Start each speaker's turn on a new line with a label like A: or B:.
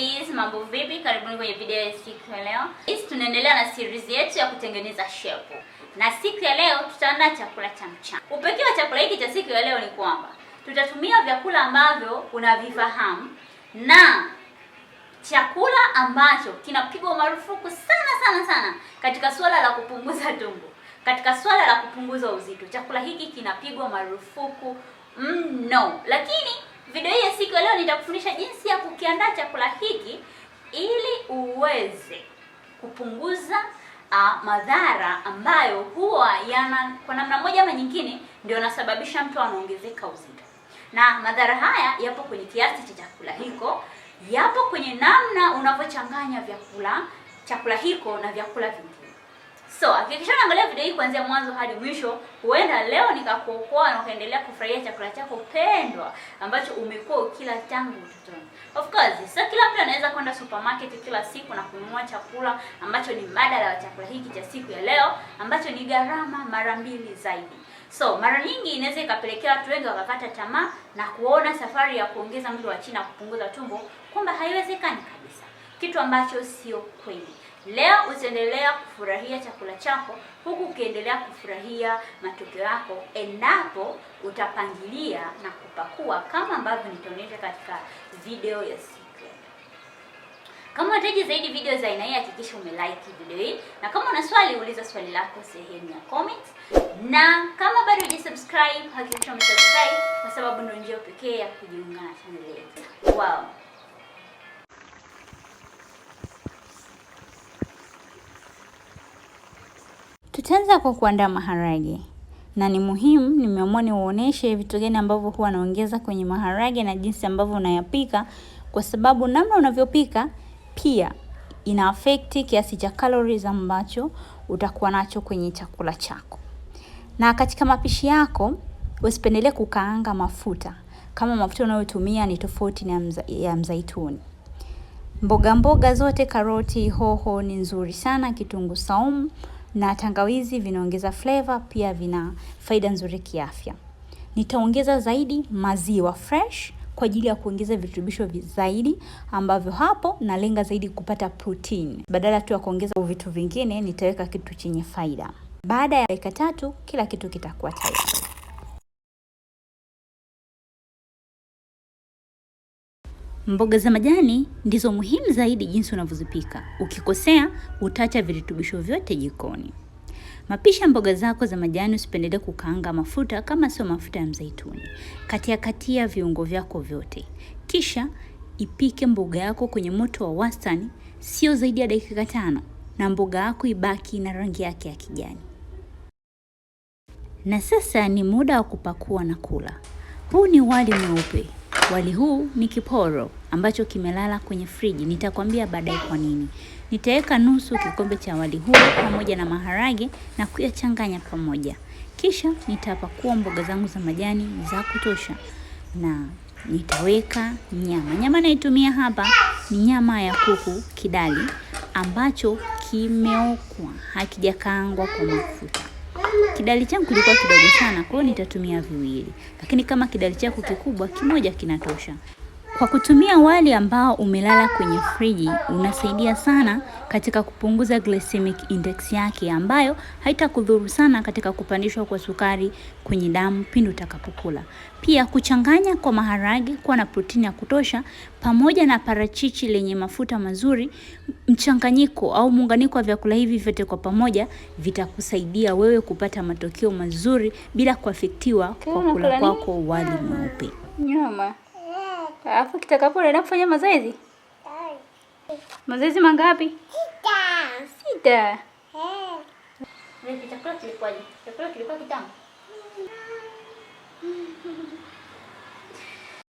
A: ladies, mambo vipi? Karibuni kwenye video ya siku ya leo. Hizi tunaendelea na series yetu ya kutengeneza shepu, na siku ya leo tutaandaa chakula cha mchana. Upekee wa chakula hiki cha siku ya leo ni kwamba tutatumia vyakula ambavyo unavifahamu na chakula ambacho kinapigwa marufuku sana sana sana katika suala la kupunguza tumbo, katika suala la kupunguza uzito. Chakula hiki kinapigwa marufuku mno, lakini Video hii ya siku leo nitakufundisha jinsi ya kukiandaa chakula hiki ili uweze kupunguza uh, madhara ambayo huwa yana kwa namna moja ama nyingine ndio yanasababisha mtu anaongezeka uzito, na madhara haya yapo kwenye kiasi cha chakula hiko, yapo kwenye namna unavyochanganya vyakula chakula hiko na vyakula vingine. So hakikisha unaangalia video hii kuanzia mwanzo hadi mwisho. Huenda leo nikakuokoa na ukaendelea kufurahia chakula chako pendwa ambacho umekuwa ukila tangu utotoni. Of course, sio kila mtu anaweza kwenda supermarket kila siku na kununua chakula ambacho ni mbadala wa chakula hiki cha siku ya leo ambacho ni gharama mara mbili zaidi. So mara nyingi inaweza ikapelekea watu wengi wakakata tamaa na kuona safari ya kuongeza mwili wa chini na kupunguza tumbo kwamba haiwezekani kabisa kitu ambacho sio kweli. Leo utaendelea kufurahia chakula chako huku ukiendelea kufurahia matokeo yako endapo utapangilia na kupakua kama ambavyo nitaonyesha katika video ya siku. Kama unahitaji zaidi video za aina hii, hakikisha umelike video hii, na kama una swali, uliza swali lako sehemu ya comment, na kama bado hujasubscribe, hakikisha umesubscribe kwa sababu ndio njia pekee ya kujiunga na channel yetu. Wow. Tutaanza kwa kuandaa maharage na ni muhimu, nimeamua niwaoneshe vitu gani ambavyo huwa naongeza kwenye maharage na jinsi ambavyo unayapika, kwa sababu namna unavyopika pia ina affect kiasi cha calories ambacho utakuwa nacho kwenye chakula chako. Na katika mapishi yako usipendelee kukaanga mafuta kama mafuta unayotumia ni tofauti na ya mzaituni. Mboga mboga zote, karoti, hoho ni nzuri sana, kitunguu saumu na tangawizi vinaongeza flavor, pia vina faida nzuri kiafya. Nitaongeza zaidi maziwa fresh kwa ajili ya kuongeza virutubisho zaidi ambavyo hapo nalenga zaidi kupata protein. Badala tu ya kuongeza vitu vingine, nitaweka kitu chenye faida. Baada ya dakika tatu, kila kitu kitakuwa tayari. Mboga za majani ndizo muhimu zaidi jinsi unavyozipika. Ukikosea utacha virutubisho vyote jikoni. Mapisha mboga zako za majani, usipendelee kukaanga mafuta kama sio mafuta ya mzeituni. Katia katia viungo vyako vyote, kisha ipike mboga yako kwenye moto wa wastani, sio zaidi ya dakika tano, na mboga yako ibaki na rangi yake ya kijani. Na sasa ni muda wa kupakua na kula. Huu ni wali mweupe Wali huu ni kiporo ambacho kimelala kwenye friji, nitakwambia baadaye kwa nini. Nitaweka nusu kikombe cha wali huu pamoja na maharage na kuyachanganya pamoja, kisha nitapakua mboga zangu za majani za kutosha na nitaweka nyama. Nyama naitumia hapa ni nyama ya kuku kidali ambacho kimeokwa, hakijakaangwa kwa mafuta. Kidali changu kilikuwa kidogo sana, kwa hiyo nitatumia viwili, lakini kama kidali chako kikubwa, kimoja kinatosha. Kwa kutumia wali ambao umelala kwenye friji, unasaidia sana katika kupunguza glycemic index yake, ambayo haitakudhuru sana katika kupandishwa kwa sukari kwenye damu pindi utakapokula. Pia kuchanganya kwa maharage kuwa na protini ya kutosha, pamoja na parachichi lenye mafuta mazuri. Mchanganyiko au muunganiko wa vyakula hivi vyote kwa pamoja vitakusaidia wewe kupata matokeo mazuri bila kuafektiwa kwa kula kwako wali mweupe.
B: Nyama Alafu kitakapo unaenda kufanya mazoezi? Mazoezi mangapi?
C: Sita.
B: Sita. Eh. Chakula kilikuwaje? Chakula kilikuwa kitamu.